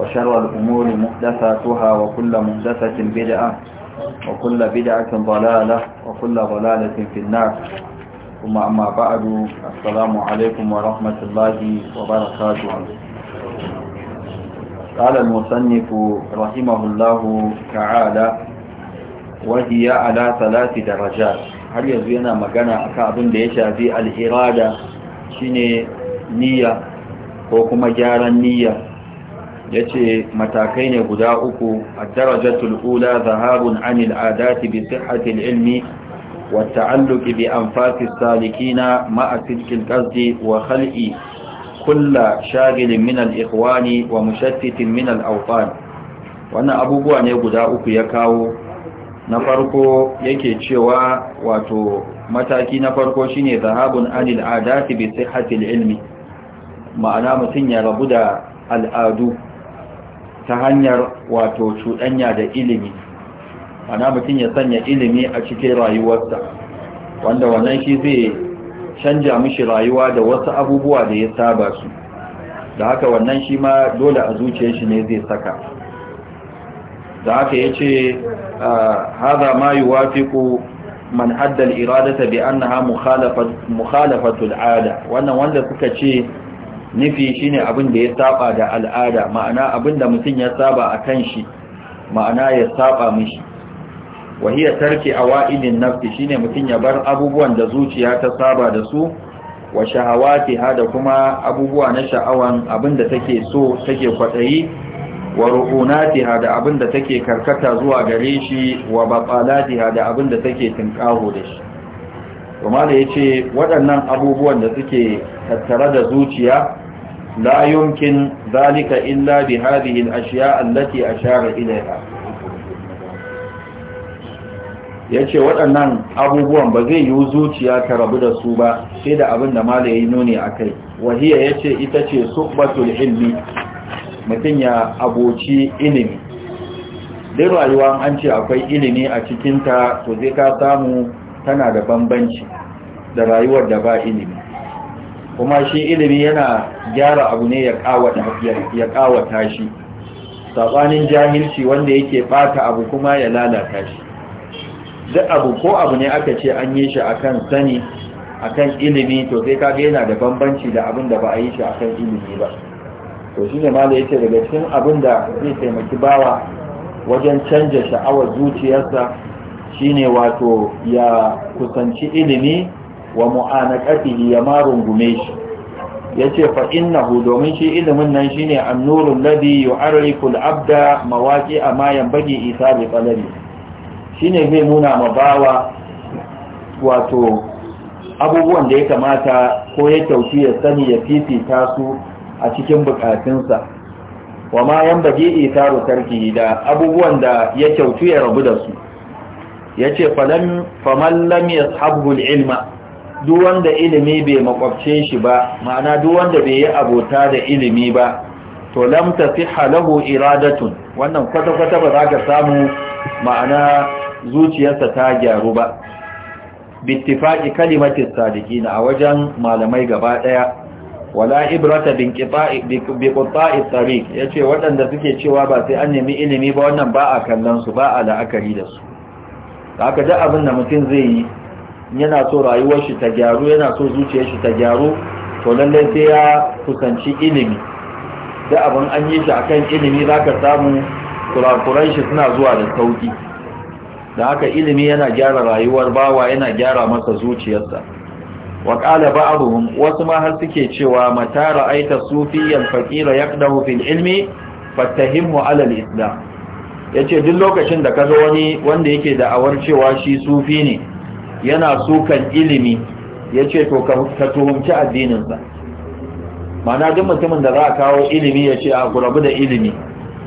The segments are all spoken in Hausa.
وشر الأمور محدثاتها وكل محدثة بدعة وكل بدعة ضلالة وكل ضلالة في النار ثم أما بعد السلام عليكم ورحمة الله وبركاته قال المصنف رحمه الله تعالى وهي على ثلاث درجات هل يزوينا مقانا أكابن ليشا في الإرادة شيني نية وكما جارا نية ya ce matakai ne guda uku a darajatul ula zahabun anil adati bi sihhatil ilmi wa ta'alluqi bi anfasis salikina ma'a sidqil qasdi wa khal'i kulla shagilin min al-ikhwani wa mushattitin min al-awtan wannan abubuwa ne guda uku ya kawo na farko yake cewa wato mataki na farko shine zahabun anil adati bi sihatil ilmi ma'ana mutun ya rabu da al'adu ta hanyar wato cuɗanya da ilimi ana mutum ya sanya ilimi a cikin rayuwarsa wanda wannan shi zai canja mishi rayuwa da wasu abubuwa da ya saba su da haka wannan shi ma dole a zuciyar shi ne zai saka da haka ya ce ah, haza ma yi wafiku man haddal iradata bi annaha mukhalafatul ada wannan wanda suka ce nufi shine abin da ya saba da al'ada ma'ana abin da mutum ya saba a kan shi ma'ana ya saba mishi wahiyar tarki a wa'idin nafi ne mutum ya bar abubuwan da zuciya ta saba da su wa shahawati ha da kuma abubuwa na sha'awan abin da take so take kwaɗayi wa ru'unati ha da abin da take karkata zuwa gare shi wa baƙalati ha da abin da take tunƙaho da shi kuma da ya ce waɗannan abubuwan da suke tattare da zuciya لا يمكن ذلك إلا بهذه الأشياء التي أشار إليها yace waɗannan abubuwan ba zai yi zuciya ta rabu da su ba sai da abin da mala yayi nuni akai wahiya yace ita ce suhbatul ilmi mutum ya aboci ilimi dai rayuwa an ce akwai ilimi a cikinta to zai ka samu tana da bambanci da rayuwar da ba ilimi kuma shi ilimi yana gyara abu ne ya kawata shi saɓanin jahilci wanda yake ɓata abu kuma ya lalata shi duk abu ko abu ne aka ce an yi shi akan sani akan ilimi to sai kaga yana da bambanci da abin da ba a yi shi akan ilimi ba to shi ne mala yace daga cikin abin da zai taimaki bawa wajen canja sha'awar zuciyarsa shine wato ya kusanci ilimi wa mu'anaqatihi ya ma gume shi yace fa innahu domin shi ilimin nan shine an-nurul ladhi yu'arrifu al-abda mawaqi'a ma yanbaghi isabi qalbi shine zai nuna ma bawa wato abubuwan da ya kamata ko ya kyauci ya sani ya fifita su a cikin bukatunsa wa ma yanbaghi isaru tarki da abubuwan da ya kyautu ya rabu da su yace falam faman lam yashabhu al-ilma duk wanda ilimi bai makwabce shi ba ma'ana duk wanda bai yi abota da ilimi ba to lam tasihha lahu iradatun wannan kwata kwata ba za ka samu ma'ana zuciyarsa ta gyaru ba bittifaqi kalimati sadiqin a wajen malamai gaba daya wala ibrata bin qita'i bi qita'i tariq yace waɗanda suke cewa ba sai an nemi ilimi ba wannan ba a kallon su ba a la'akari da su haka da abin da mutum zai yi yana so rayuwar shi ta gyaru yana so zuciyar shi ta gyaru to lallai sai ya kusanci ilimi da abin an yi shi akan ilimi zaka samu kurakuran shi suna zuwa da sauki da haka ilimi yana gyara rayuwar bawa yana gyara masa zuciyarsa wa qala ba'dhum wasu ma har suke cewa mata ra'aita sufiyyan faqira yaqdahu fil ilmi fattahimu ala al-islam yace duk lokacin da kaga wani wanda yake da awar cewa shi sufi ne yana sukan ilimi ya ce to ka tuhumci addininsa mana duk mutumin da za a kawo ilimi ya ce a gurabu da ilimi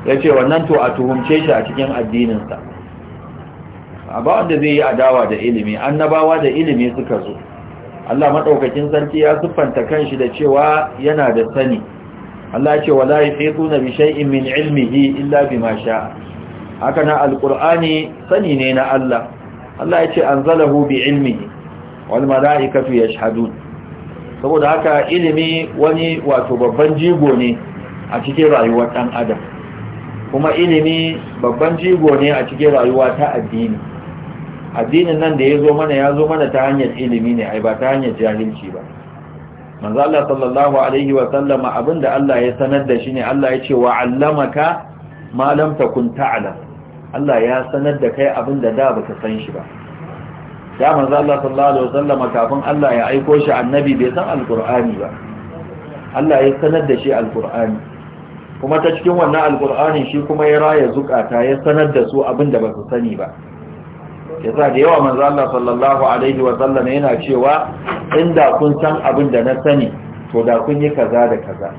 ya ce wannan to a tuhumce shi a cikin addininsa a ba wanda zai yi adawa da ilimi annabawa da ilimi suka zo Allah maɗaukakin sarki ya siffanta kanshi da cewa yana da sani Allah ce wala suna bi shay'in min ilmihi illa bima sha'a haka na alqur'ani sani ne na Allah Allah ya ce anzalahu bi ilmihi wal malaikatu yashhadun saboda haka ilimi wani wato babban jigo ne a cikin rayuwar dan adam kuma ilimi babban jigo ne a cikin rayuwa ta addini addinin nan da ya zo mana ya zo mana ta hanyar ilimi ne ai ba ta hanyar jahilci ba manzo Allah sallallahu alaihi wa sallama abinda Allah ya sanar da shi ne Allah ya ce wa allamaka ma lam takun ta'lam Allah ya sanar da kai abin da da baka san shi ba da manzo Allah sallallahu alaihi wasallam kafin Allah ya aiko shi annabi bai san alqur'ani ba Allah ya sanar da shi alqur'ani kuma ta cikin wannan alqur'ani shi kuma ya raya zukata ya sanar da su abin da ba su sani ba yasa da yawa manzo Allah sallallahu alaihi wasallam yana cewa inda kun san abin da na sani to da kun yi kaza da kaza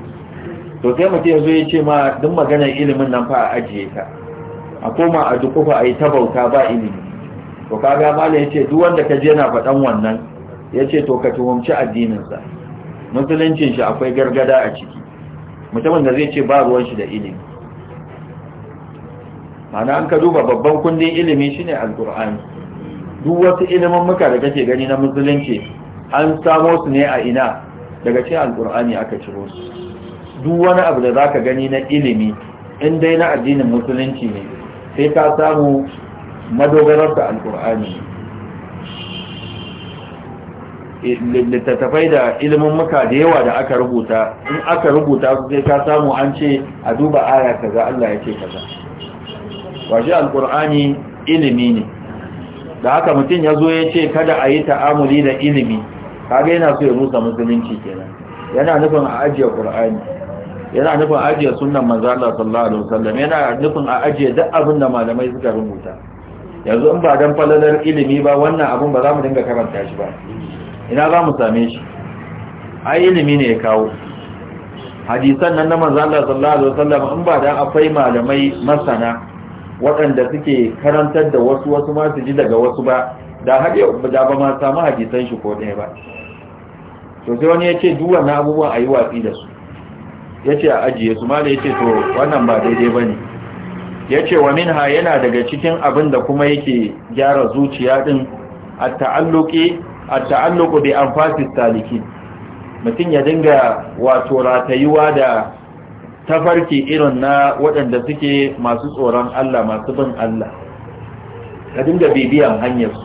to sai mutum yazo ya ce ma duk maganar ilimin nan fa a ajiye ta a koma a dukufa a yi ta bauta ba ilimi to kaga malam yace ce duk wanda ka je na faɗan wannan yace ce to ka tuhumci addininsa musuluncin shi akwai gargada a ciki mutumin da zai ce ba ruwan shi da ilimi mana an ka duba babban kundin ilimi shine alqur'ani duk wasu ilimin muka da kake gani na musulunci an samo su ne a ina daga cikin alqur'ani aka ciro su duk wani abu da zaka gani na ilimi in dai na addinin musulunci ne sai ka samu da alkur'ani littattafai da ilimin muka da yawa da aka rubuta in aka rubuta su sai ka samu an ce a duba aya kaza Allah ya ce kaza washe alkur'ani ilimi ne da haka mutum ya zo ya ce kada a yi ta'amuli da ilimi kaga yana so ya rusa musulunci kenan yana nufin a ajiye ƙur'ani yana nufin ajiye sunan manzo Allah sallallahu alaihi wasallam yana nufin a ajiye duk abin da malamai suka rubuta yanzu in ba dan falalar ilimi ba wannan abin ba za mu dinga karanta shi ba ina za mu same shi ai ilimi ne ya kawo hadisan nan na manzo Allah sallallahu alaihi wasallam in ba dan akwai malamai masana waɗanda suke karantar da wasu wasu ma su ji daga wasu ba da har yau da ba ma samu hadisan shi ko ɗaya ba to sai wani ya ce duk wannan abubuwan a yi watsi da su ya ce a ajiye su da ya ce to wannan ba daidai ba ne ya ce wa min ha yana daga cikin abin da kuma yake gyara zuciya ɗin a ta'alluku bi an fasis taliki mutum ya dinga wato ratayuwa da tafarki irin na waɗanda suke masu tsoron Allah masu bin Allah ka dinga bibiyan su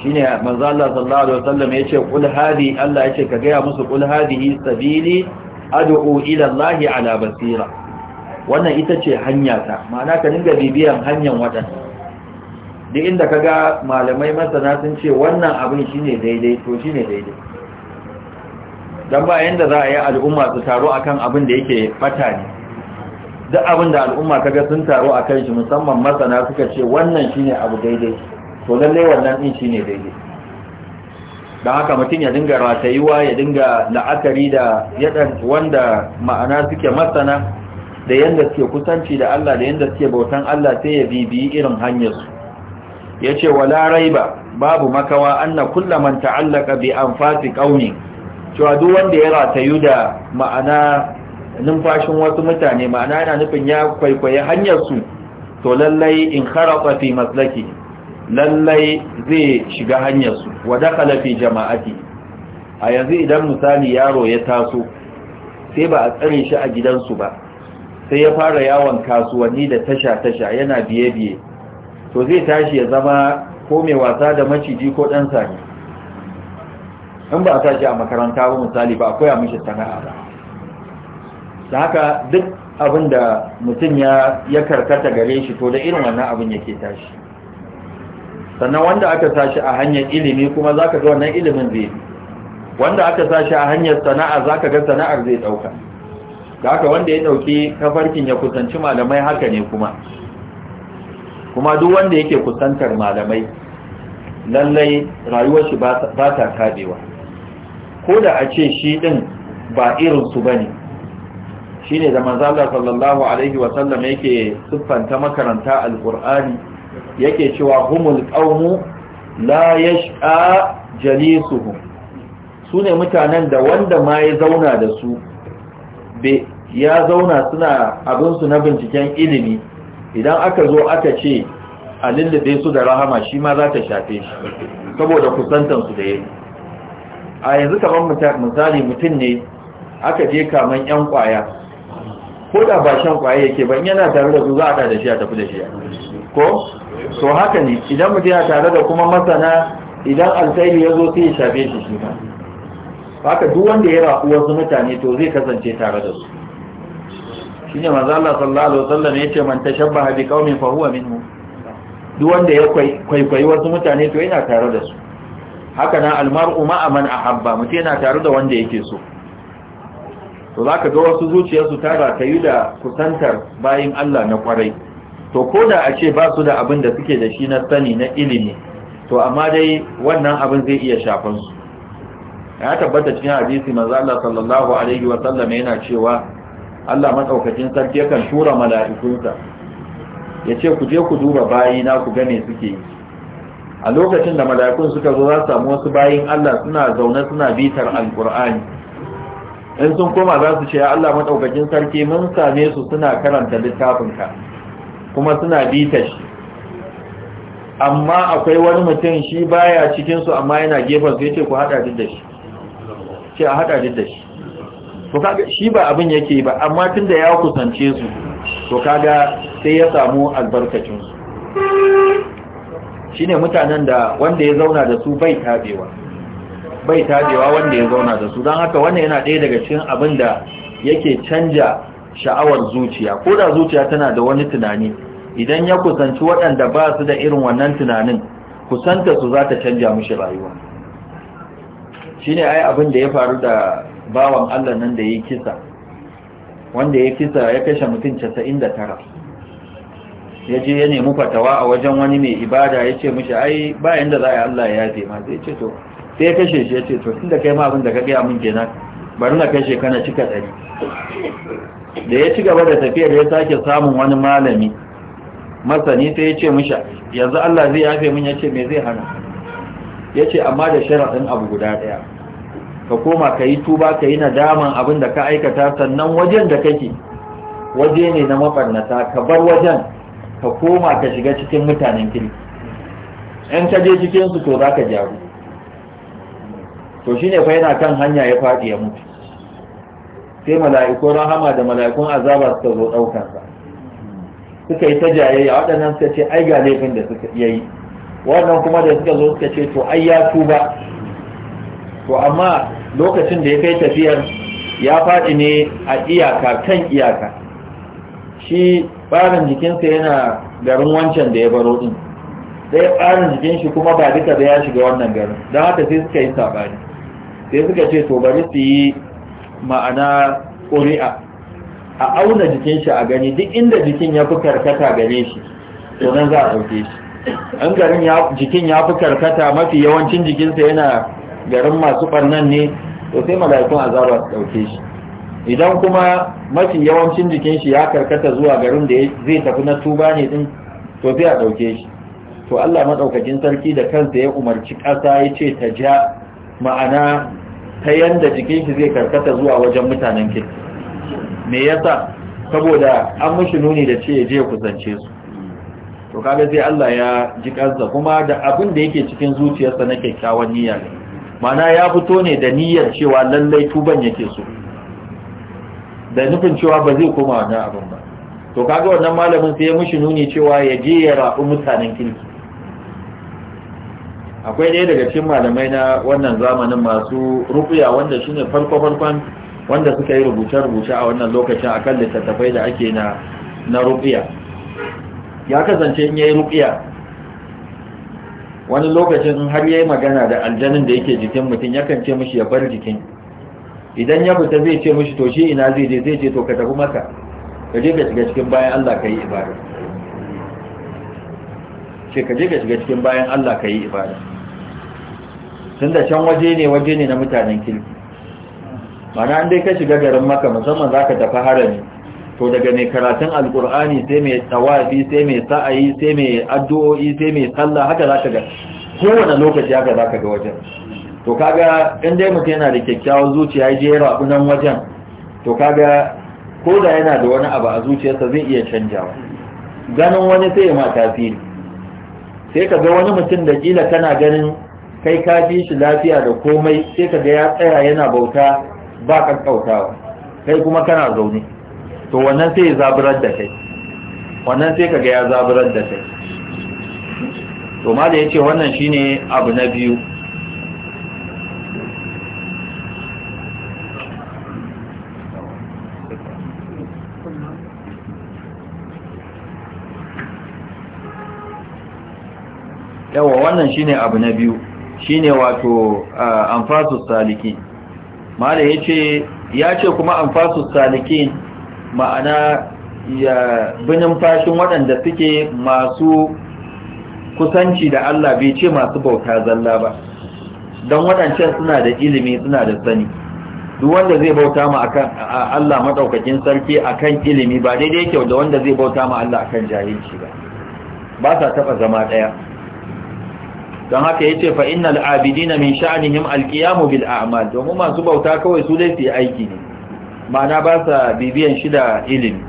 shine manzo Allah sallallahu alaihi wasallam yace kul hadi Allah yace ka gaya musu kul hadi sabili ad'u ila Allah ala basira wannan ita ce hanya ta ma'ana ka dinga bibiyan hanyar wadan duk inda kaga malamai masana sun ce wannan abin shine daidai to shine daidai dan ba yanda za a yi al'umma su taro akan abin da yake fata ne duk abin da al'umma kaga sun taro akan shi musamman masana suka ce wannan shine abu daidai to lalle wannan din shine daidai Da haka mutum ya dinga ratayuwa ya dinga la'akari da yadan wanda ma'ana suke masana da yadda suke kusanci da Allah da yadda suke bautan Allah sai ya bibiyi irin hanyarsu ya ce wala raiba babu makawa anna kulla man ta'allaka bi anfasi qauni cewa duk wanda ya ratayu da ma'ana numfashin wasu mutane ma'ana yana nufin ya kwaikwaye hanyar su to lallai in kharata fi maslaki lallai zai shiga hanyar su wa dakala jama'ati a yanzu idan misali yaro ya taso sai ba a tsare shi a gidansu ba sai ya fara yawon kasuwanni da tasha-tasha yana biye-biye to zai tashi ya zama ko mai wasa da maciji ko ɗan sani in ba a tashi a makaranta ba misali ba a koya mishi sana'a ba da haka duk abin da mutum ya karkata gare shi to da irin wannan abin yake tashi sannan wanda aka sashi a hanyar ilimi kuma ka ga wannan ilimin zai wanda aka sashi a hanyar sana'a za ka ga sana'ar zai ɗauka. da aka wanda ya ɗauki kafarkin ya kusanci malamai haka ne kuma kuma duk wanda yake kusantar malamai lallai rayuwar shi ba ta kadewa ko da a ce shi din ba irin su Shi ne da manzo sallallahu alaihi wasallam yake siffanta makaranta alqur'ani yake cewa humul qaumu la yashqa jalisuhum su mutanen da wanda ma ya zauna da su be ya zauna suna abin su na binciken ilimi idan aka zo aka ce a lullube su da rahama shi ma za ta shafe shi saboda su da yayi a yanzu kamar misali mutum ne aka je kaman yan kwaya ko da ba shan kwaya yake ban yana tare da su za a da shi a tafi da shi ko so haka ne idan mutum ya tare da kuma masana idan alkhairi ya zo sai ya shafe shi shi ma haka duk wanda ya rafu wasu mutane to zai kasance tare da su ne maza Allah sallallahu alaihi wasallam ce man tashabba bi qaumin fa huwa minhum duk wanda ya kwaikwayi wasu mutane to yana tare da su haka nan almar'u ma'a man ahabba mutum yana tare da wanda yake so to zaka ga wasu zuciyarsu tara ta yi da kusantar bayin Allah na kwarai to ko da a ce ba su da abin da suke da shi na sani na ilimi to amma dai wannan abin zai iya shafan su ya tabbata cikin hadisi manzo Allah sallallahu alaihi wa sallam yana cewa Allah madaukakin sarki yakan tura mala'ikunsa yace ku je ku duba bayi na ku gane suke yi a lokacin da mala'ikun suka zo za su samu wasu bayin Allah suna zaune suna bitar alqur'ani in sun koma za su ce ya Allah madaukakin sarki mun same su suna karanta littafinka kuma suna bita shi amma akwai wani mutum shi baya cikinsu amma yana gefen su yace ku hada duk da shi ce a hada duk da shi to kaga shi ba abin yake ba amma tunda ya kusance su to kaga sai ya samu albarkacin su shine mutanen da wanda ya zauna da su bai tabewa bai tabewa wanda ya zauna da su don haka wannan yana ɗaya daga cikin abin da yake canja sha'awar zuciya ko da zuciya tana da wani tunani idan ya kusanci waɗanda ba su da irin wannan tunanin kusanta su za ta canja mishi rayuwa shi ne ai abin da ya faru da bawan Allah nan da ya kisa wanda ya kisa ya kashe mutum 99 ya je ya nemi fatawa a wajen wani mai ibada ya ce mishi ai bayan da za a Allah ya yafe ma sai ce to sai ya kashe shi ya ce to tun da kai ma abin da ka gaya min kenan bari na kashe kana cika ɗari da ya ci gaba da tafiyar ya sake samun wani malami masani sai ya ce musha yanzu Allah zai yafe mun ya ce me zai hana ya ce amma da sharaɗin abu guda ɗaya ka koma ka yi tuba ka yi nadaman abin da ka aikata sannan wajen da kake waje ne na mafarnata ka bar wajen ka koma ka shiga cikin mutanen kiri. in ka je cikinsu to za ka jaru to shi ne fa yana kan hanya ya faɗi ya mutu sai mala'ikun rahama da mala'ikun azaba suka zo ɗaukansa suka yi ta jayayya waɗannan suka ce ai ga laifin da suka iya yi wannan kuma da suka zo suka ce to ai ya tuba to amma lokacin da ya kai tafiyar ya faɗi ne a iyaka kan iyaka shi ɓarin jikinsa yana garin wancan da ya baro ɗin ɗaya ɓarin jikin shi kuma ba duka da ya shiga wannan garin don haka sai suka yi saɓani sai suka ce to bari su yi ma'ana ƙuri'a a auna jikin shi a gani duk inda jikin ya fi karkata gane shi to nan za a ɗauke shi an garin jikin ya fi karkata mafi yawancin jikinsa yana garin masu ɓarnan ne to sai mala'ikun azaba su ɗauke shi idan kuma mafi yawancin jikin shi ya karkata zuwa garin da zai tafi na tuba ne din to sai a ɗauke shi to Allah maɗaukakin sarki da kansa ya umarci ƙasa ya ce ta ja ma'ana ta yanda jikin shi zai karkata zuwa wajen mutanen kirki me yasa saboda an mushi nuni da ce je kusance su to kaga sai Allah ya ji kansa kuma da abin da yake cikin zuciyarsa na kyakkyawan niyya mana ya fito ne da niyyar cewa lallai tuban yake so da nufin cewa ba zai koma wannan abin ba to kaga wannan malamin sai ya mushi nuni cewa ya je ya rafi mutanen kirki akwai ɗaya daga cikin malamai na wannan zamanin masu rukuya wanda shine farko-farkon wanda suka yi rubuce-rubuce a wannan lokacin a kan littattafai da ake na na rukuya ya kasance in yayi rukuya wani lokacin har yayi magana da aljanin da yake jikin mutum yakan ce mishi ya bar jikin idan ya fita zai ce mishi to shi ina zai je zai ce to ka tafi maka ka je ka shiga cikin bayan Allah ka yi ibada ka je ka shiga cikin bayan Allah ka yi ibada tun da can waje ne waje ne na mutanen kirki mana an dai ka shiga garin maka musamman za ka tafi harami to daga mai karatun alkur'ani sai mai tawafi sai mai sa'ayi sai mai addu'o'i sai mai sallah haka za ka ga kowane lokaci haka za ka ga wajen to kaga in dai mutum yana da kyakkyawan zuciya ya je rabunan wajen to kaga ko da yana da wani abu a zuciyarsa zai iya canjawa ganin wani sai ma tasiri sai ka ga wani mutum da kila kana ganin kai ka ji shi lafiya da komai sai ka ga ya tsaya yana bauta ba kautawa kai kuma kana zaune to wannan sai ya zaburar da kai wannan sai ka ga ya zaburar da kai to ma da ya ce wannan shine abu na biyu yawa wannan shine abu na biyu shine wato uh, anfasus salikin mala yace ya ce kuma anfasus salikin ma'ana ya binin fashin waɗanda suke masu kusanci da Allah bai ce masu bauta zalla ba don waɗancan suna da ilimi suna da sani duk wanda zai bauta ma akan Allah maɗaukakin sarki akan ilimi ba daidai kyau da wanda zai bauta ma Allah akan jahilci ba ba sa taba zama ɗaya. don haka ya yace fa al’abidi na min sha’anihim alƙiyamu bil a’amal domin masu bauta kawai su dai su aiki ne ma'ana ba sa bibiyan shi da ilimi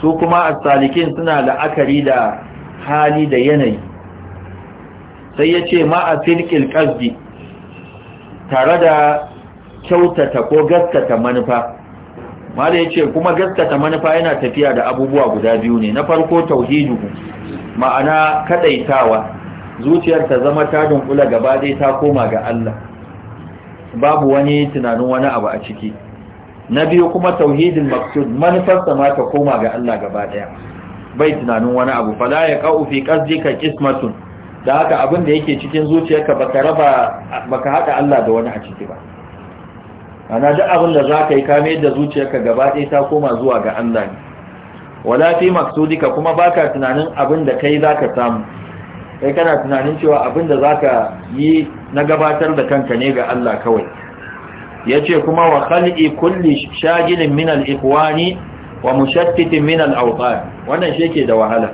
su kuma a salikin suna la'akari da hali da yanayi sai ya ce ma a sirqil ƙasdi, tare da kyautata ko gaskata manufa ya ce kuma gaskata manufa yana tafiya da abubuwa guda biyu ne na farko tauhidu ma'ana kaɗaitawa. zuciyar ta zama ta dunkula gaba dai ta koma ga Allah babu wani tunanin wani abu a ciki na biyu kuma tauhidin maqsud manufarsa ma ta koma ga Allah gaba daya bai tunanin wani abu fala ya qau fi qasdika qismatun da haka abin da yake cikin zuciyarka baka raba baka hada Allah da wani a ciki ba ana duk abin da zaka yi kame da zuciyarka gaba daya ta koma zuwa ga Allah ne wala fi maqsudika kuma baka tunanin abin da kai zaka samu kai kana tunanin cewa abin da zaka yi na gabatar da kanka ne ga Allah kawai yace kuma wa khali kulli shagilin min al-ikhwani wa mushattitin min al wannan shi yake da wahala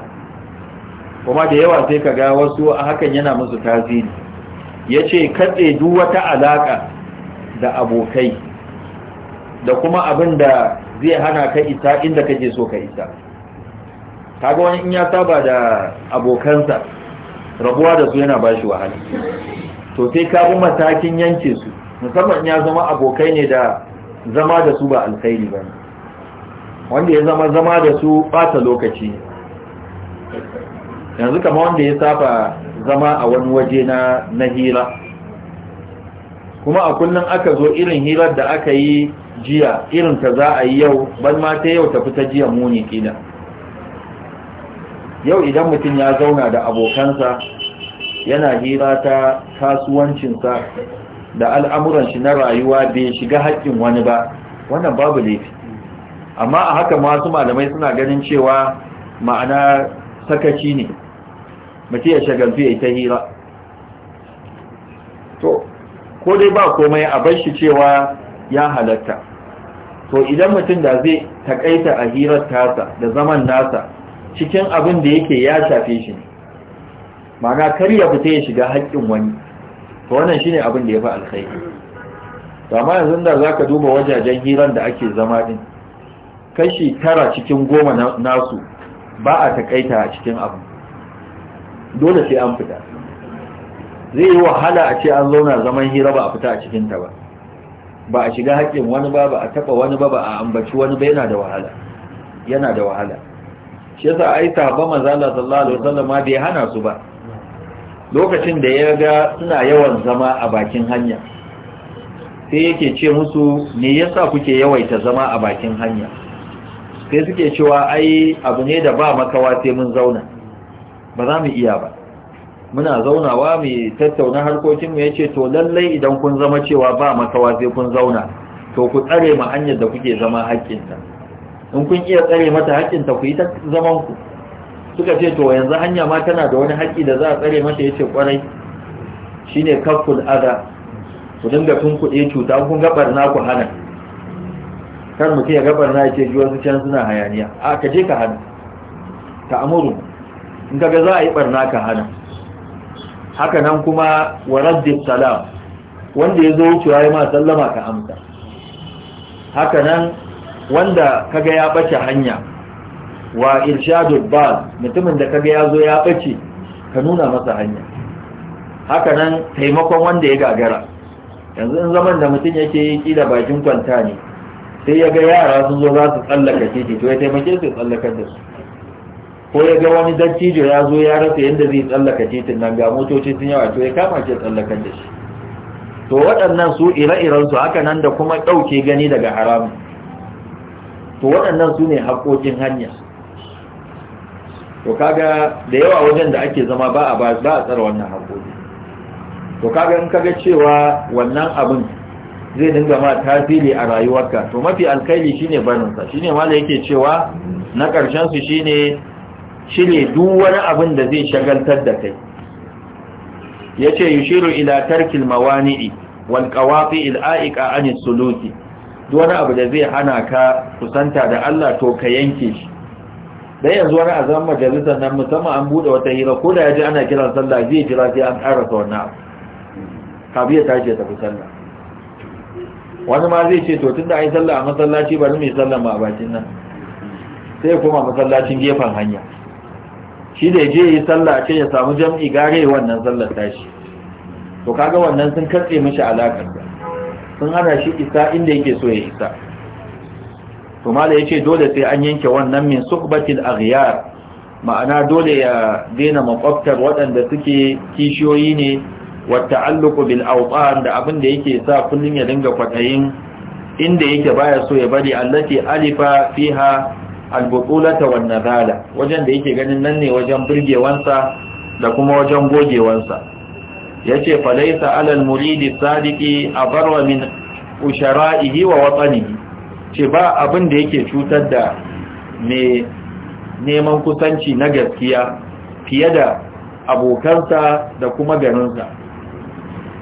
kuma da yawa sai ka kaga wasu a hakan yana musu tasiri yace katse duk wata alaka da abokai da kuma abin da zai hana ka isa inda kake so ka isa kaga wani in ya saba da abokansa rabuwa da su yana ba shi wahala to sai ka bi matakin yanke su musamman ya zama abokai ne da zama da su ba alkhairi ba wanda ya zama zama da su bata lokaci yanzu kama wanda ya saba zama a wani waje na na hira kuma a kullum aka zo irin hirar da aka yi jiya irin ta za a yi yau ban ma ta yau tafi ta jiya muni kina. yau idan mutum ya zauna da abokansa yana hira ta kasuwancinsa da al'amuran shi na rayuwa bai shiga haƙƙin wani ba wannan babu laifi amma a haka masu malamai suna ganin cewa ma'ana sakaci ne mutum ya shagaltu ya ta hira to ko dai ba komai a bar shi cewa ya halatta to idan mutum da zai takaita a hirar tasa da zaman nasa cikin abin da yake ya shafe shi ne ma'ana kar ya fita ya shiga haƙƙin wani to wannan shine abin da ya fi alkhairi to amma yanzu da zaka duba wajajen hiran da ake zama din kashi tara cikin goma nasu ba a takaita a cikin abu dole sai an fita zai yi wahala a ce an zauna zaman hira ba a fita a ta ba ba a shiga haƙƙin wani ba ba a taɓa wani ba ba a ambaci wani ba yana da wahala yana da wahala shi yasa ai sahaba manzo sallallahu alaihi wasallam bai hana su ba lokacin da ya ga suna yawan zama a bakin hanya sai yake ce musu me yasa kuke yawaita zama a bakin hanya sai suke cewa ai abu ne da ba makawa sai mun zauna ba za mu iya ba muna zaunawa mu tattauna harkokin mu yace to lallai idan kun zama cewa ba makawa sai kun zauna to ku tsare mu hanyar da kuke zama ta in kun iya tsare mata ta ku yi ta zaman ku suka ce to yanzu hanya ma tana da wani haƙƙi da za a tsare mata yace kwarai shine kaful ada ku dinga tunkuɗe cuta kun gabar na ku hana Kan mutum ya gabar na yace juwa zuciyan suna hayaniya a ka je ka hana ta amuru in ka ga za a yi barna ka hana haka nan kuma wa raddi salam wanda ya zo wucewa ya ma sallama ka amsa haka nan wanda kaga ya bace hanya wa irshadul bal mutumin da kaga ya zo ya bace ka nuna masa hanya haka nan taimakon wanda ya gagara yanzu in zaman da mutum yake yi kila bakin kwanta ne sai ya ga yara sun zo za su tsallaka titi to ya taimake su tsallakar da su ko ya ga wani dattijo ya zo ya rasa yadda zai tsallaka titin nan ga motoci sun yawa to ya kama shi tsallakar da shi to waɗannan su ire su haka nan da kuma ɗauke gani daga haramun to waɗannan su ne haƙoƙin hanya to kaga da yawa wajen da ake zama ba a ba a tsara wannan haƙoƙi to kaga in kaga cewa wannan abin zai dinga ma tasiri a rayuwarka to mafi alkaili shine barinsa shine ma da yake cewa na ƙarshen su shine shirye duk wani abin da zai shagaltar da kai yace yushiru ila tarkil mawani'i wal qawati al a'iqa anis suluki wani abu da zai hana ka kusanta da Allah to ka yanke shi dai yanzu wani a zaman majalisar nan musamman an buɗe wata hira ko da ya ji ana kiran sallah zai jira sai an ƙarasa wannan abu kafin ya tashi ya tafi sallah wani ma zai ce to tun da an yi sallah a masallaci bari mu yi sallah ma a bakin nan sai koma masallacin gefen hanya shi da je yi sallah ce ya samu jam'i gare wannan sallar tashi to kaga wannan sun katse mishi da sun hana shi isa inda yake so ya isa to mala yace dole sai an yanke wannan min suhbatil aghyar ma'ana dole ya daina makwabtar waɗanda suke kishiyoyi ne wa ta'alluqu bil awtan da abin da yake sa kullun ya dinga kwadayin inda yake baya so ya bari allati alifa fiha albutulata wan nadala wajen da yake ganin nan ne wajen burgewansa da kuma wajen gogewansa yace falaisa alal muridi sadiki abarwa min ushara'ihi wa watanihi ce ba abin da yake cutar da mai neman kusanci na gaskiya fiye da abokansa da kuma garinsa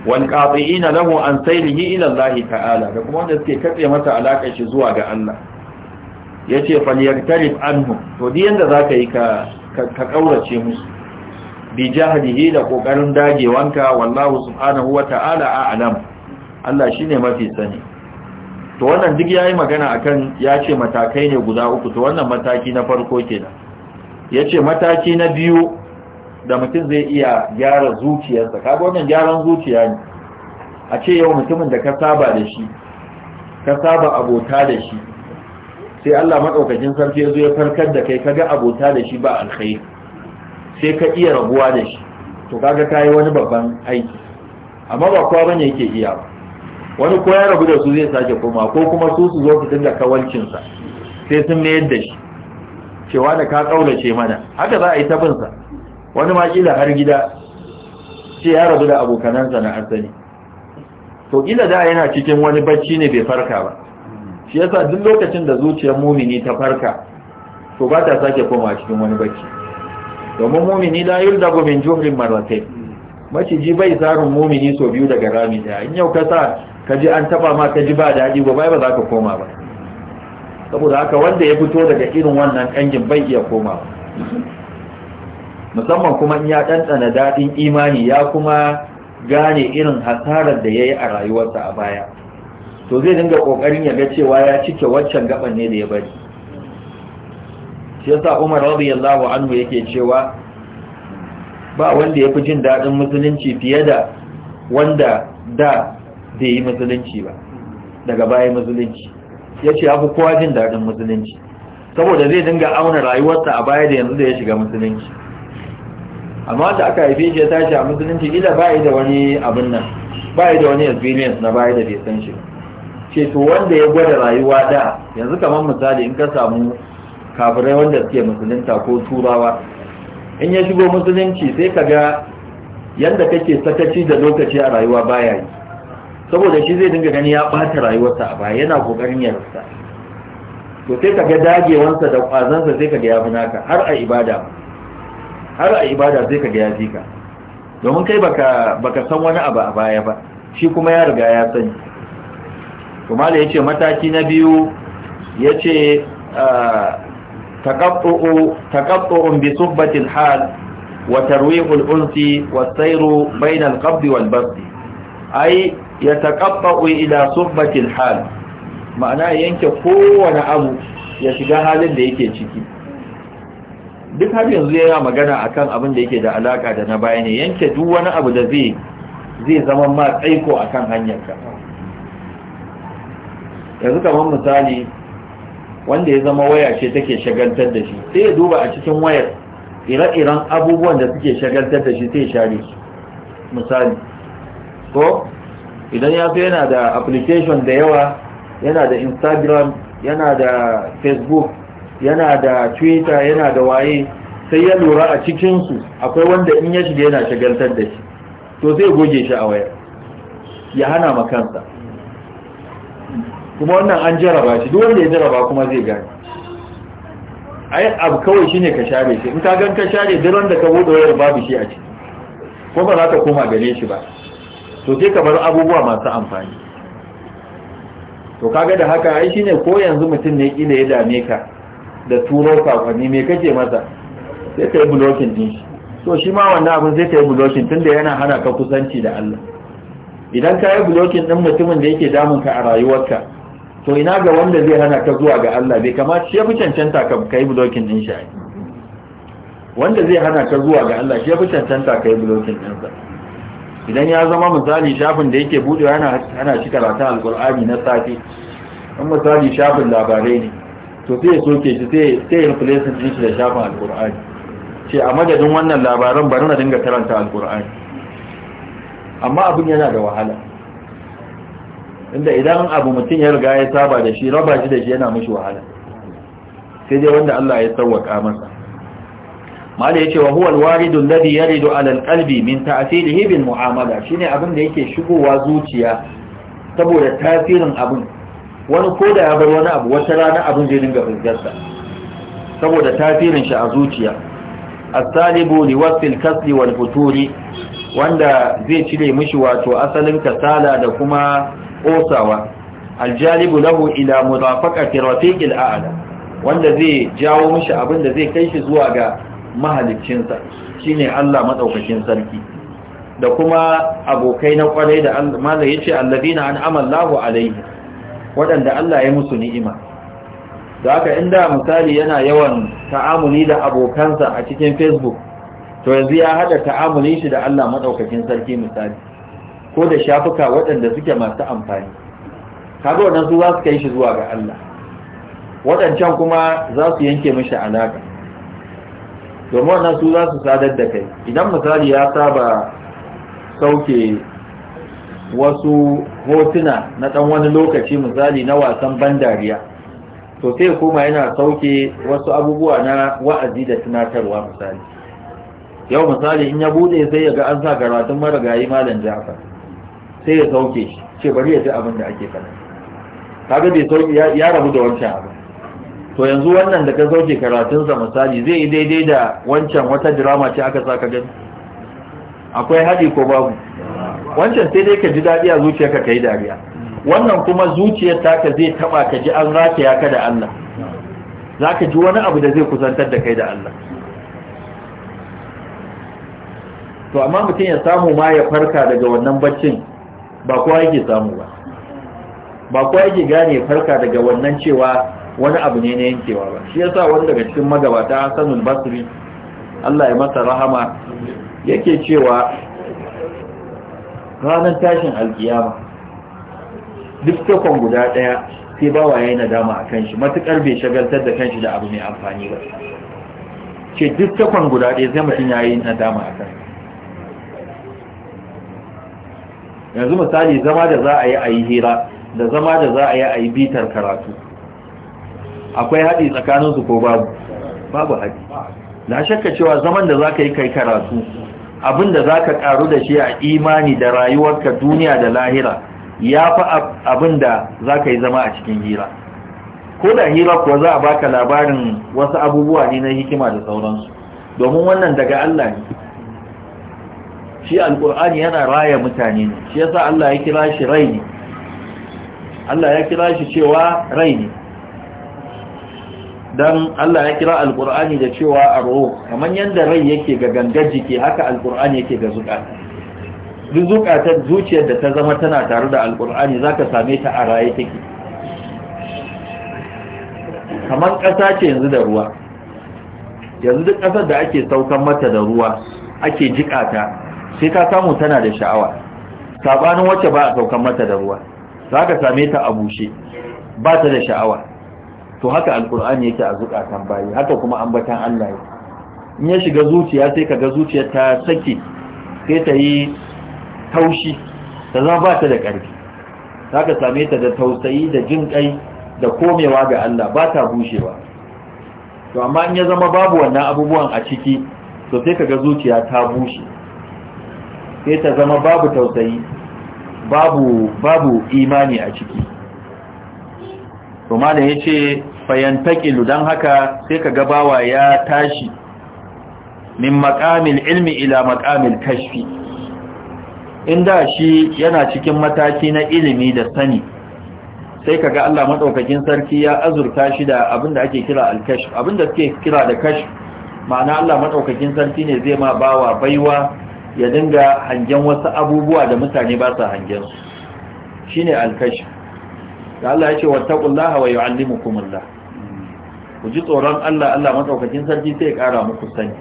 wal ina lahu an saylihi ila Allah ta'ala da kuma wanda suke katse masa alakar shi zuwa ga Allah yace falyaktarif anhu to da yanda zaka yi ka ƙaurace musu bi jahdihi da kokarin dagewanka wallahu subhanahu wata'ala a'lam Allah shine mafi sani to wannan duk yayi magana akan yace matakai ne guda uku to wannan mataki na farko kenan yace mataki na biyu da mutum zai iya gyara zuciyarsa kaga wannan gyaran zuciya ne a ce yau mutumin da ka saba da shi ka saba abota da shi sai Allah madaukakin sarki ya zo ya farkar da kai kaga abota da shi ba alkhairi sai ka iya rabuwa da shi to kaga yi wani babban aiki amma ba kowa bane yake iya ba wani ko ya rabu da su zai sake koma ko kuma su su zo su dinga kawalcin sa sai sun mayar da shi cewa da ka kaulace mana haka za a yi tabin sa wani ma kila har gida ce ya rabu da abokanansa na asali to kila da yana cikin wani bacci ne bai farka ba shi yasa duk lokacin da zuciyar mumini ta farka to ba ta sake koma cikin wani bacci domin mumini la yuldagu min juhrin marratayn maciji bai zarun mumini so biyu daga rami daya in yau ka sa ka ji an taba ma ka ji ba daɗi gobe ba za ka koma ba saboda haka wanda ya fito daga irin wannan kangin bai iya koma musamman kuma in ya ɗanɗana daɗin imani ya kuma gane irin hasarar da ya yi a rayuwarsa a baya to zai dinga ƙoƙarin ya ga cewa ya cike waccan gaban ne da ya bari shi yasa Umar radiyallahu anhu yake cewa ba wanda yafi jin dadin musulunci fiye da wanda da bai yi musulunci ba daga baya musulunci yace abu kowa jin dadin musulunci saboda zai dinga auna rayuwarsa a baya da yanzu da ya shiga musulunci amma da aka haife shi ya tashi a musulunci ila bai da wani abin nan bai da wani experience na bai da bai san shi ce to wanda ya gwada rayuwa da yanzu kamar misali in ka samu kafirai wanda suke musulunta ko turawa in ya shigo musulunci sai ka ga yadda kake sakaci da lokaci a rayuwa baya yi saboda shi zai dinga gani ya bata rayuwarsa a baya yana ƙoƙarin ya rasa to sai ka ga dagewansa da kwazansa sai ka ga ya naka har a ibada har a ibada sai ka ga ya ka domin kai baka baka san wani abu a baya ba shi kuma ya riga ya sani kuma da yace mataki na biyu yace ah, تقطع بصحبة الحال وترويح الأنس والسير بين القبض والبسط أي يتقطع إلى صحبة الحال معناه ينكفو ونعم يشجاها لديك يشكي duk har yanzu yana magana akan abin da yake da alaka da na baya ne yanke duk wani abu da zai zai zama ma tsaiko akan hanyarka yanzu kamar misali wanda ya zama waya ce take shagaltar da shi sai ya duba a cikin wayar ire-iren abubuwan da suke shagaltar da shi sai share su misali ko idan ya fi yana da application da yawa yana da instagram yana da facebook yana da twitter yana da waye sai ya lura a cikinsu akwai wanda in ya shiga yana shagaltar da shi to zai goge shi a wayar ya hana makansa kuma wannan an jaraba shi duk wanda ya jaraba kuma zai gane ai abu kawai shine ka share shi in ka gan ka share duk wanda ka bude wayar babu shi a ciki ko ba za ka koma gane shi ba to sai ka bar abubuwa masu amfani to kaga da haka ai shine ko yanzu mutum ne kila ya dame ka da turo sakonni me kake masa sai ka yi blocking din shi to shi ma wannan abin sai ka yi blocking tunda yana hana ka kusanci da Allah idan ka yi blocking din mutumin da yake damun ka a rayuwarka to ina ga wanda zai hana ka zuwa ga Allah bai kamata shi ya fi cancanta ka kai blocking din shi wanda zai hana ka zuwa ga Allah shi ya fi cancanta ka yi blocking din sa idan ya zama misali shafin da yake bude yana hana shi karatun alqur'ani na safi an misali shafin labarai ne to sai ya soke shi sai sai place din shi da shafin alqur'ani ce a madadin wannan labaran bari na dinga karanta alqur'ani amma abin yana da wahala inda idan abu mutum ya riga ya saba da shi raba shi da shi yana mashi wahala sai dai wanda Allah ya sauwaka masa mala yace wa huwa alwaridu alladhi yaridu ala alqalbi min ta'silihi bil mu'amala shine abin da yake shigowa zuciya saboda tasirin abin wani ko da ya bar wani abu wata rana abin zai dinga fuskarsa saboda tasirin shi a zuciya as-salibu liwasfil kasli wal futuri wanda zai cire mishi wato asalin kasala da kuma kosawa aljalibu lahu ila mudafaqati rafiqil a'la wanda zai jawo mishi abin da zai kai shi zuwa ga sa shine Allah madaukakin sarki da kuma abokai na kwarai da Allah yace alladina an'ama Allahu alaihi waɗanda Allah ya musu ni'ima da haka inda misali yana yawan ta'amuli da abokansa a cikin Facebook to yanzu ya hada ta'amulin shi da Allah madaukakin sarki misali ko da shafuka waɗanda suke masu amfani kaga wannan su za su kai shi zuwa ga Allah waɗancan kuma za su yanke mishi alaƙa. domin wannan su za su sadar da kai idan misali ya saba sauke wasu hotuna na ɗan wani lokaci misali na wasan ban dariya to sai kuma yana sauke wasu abubuwa na wa'azi da tunatarwa misali yau misali in ya buɗe sai ya ga an sa karatun marigayi malam jafar sai ya sauke shi ce bari ya ji abin da ake faɗa kaga bai sauke ya rabu da wancan abin to yanzu wannan da ka sauke karatunsa misali zai yi daidai da wancan wata drama ce aka sa ka gani akwai haɗi ko babu wancan sai dai ka ji daɗi a zuciyarka ka yi dariya wannan kuma zuciyar taka zai taɓa ka ji an rataya ka da Allah za ka ji wani abu da zai kusantar da kai da Allah to amma mutum ya samu ma ya farka daga wannan baccin ba kowa yake samu ba ba kowa yake gane farka daga wannan cewa wani abu ne na yankewa ba shi yasa wani daga cikin magabata Hassanul Basri Allah ya masa rahama yake cewa ranar tashin alkiyama duk takon guda daya sai ba waye nadama a kanshi matukar bai shagaltar da kanshi da abu mai amfani ba ce duk takon guda daya sai mutum yayi nadama a kanshi yanzu misali zama da za a yi a yi hira da zama da za a yi a yi bitar karatu akwai haɗi tsakaninsu ko babu babu haɗi na shakka cewa zaman da za ka yi kai karatu abin da za ka ƙaru da shi a imani da rayuwarka duniya da lahira ya fi abin da za ka yi zama a cikin hira ko da hira kuwa za a baka labarin wasu abubuwa ne na hikima da sauransu domin wannan daga Allah ne shi alkur'ani yana raya mutane ne shi yasa Allah ya kira shi rai ne Allah ya kira shi cewa rai ne dan Allah ya kira alkur'ani da cewa aro kamar yanda rai yake ga gangar jiki haka alkur'ani yake ga zukata duk zukatar zuciyar da ta zama tana tare da alkur'ani zaka same ta a raye take kamar ƙasa ce yanzu da ruwa yanzu duk ƙasar da ake saukan mata da ruwa ake jikata sai ka samu tana da sha'awa sabanin wacce ba a saukan mata da ruwa za ka same ta a bushe ba ta da sha'awa to haka alkur'ani yake a zukatan bayi haka kuma ambatan Allah ya in ya shiga zuciya sai ka ga zuciya ta sake sai ta yi taushi ta zama ba ta da ƙarfi za ka same ta da tausayi da jin ƙai da komewa ga Allah ba ta bushewa to amma in ya zama babu wannan abubuwan a ciki to sai ka ga zuciya ta bushe sai ta zama babu tausayi babu babu imani a ciki to malam yace fayantaqilu dan haka sai kaga bawa ya tashi min maqamil ilmi ila maqamil kashfi inda shi yana cikin mataki na ilimi da sani sai kaga Allah madaukakin sarki ya azurta shi da abinda ake kira al-kashf abinda suke kira da kashf ma'ana Allah madaukakin sarki ne zai ma bawa baiwa ya dinga hangen wasu abubuwa da mutane ba su hangen su shine alkashi da Allah ya ce wattaqullaha wa ku ji tsoron Allah Allah madaukakin sarki sai ya kara muku sani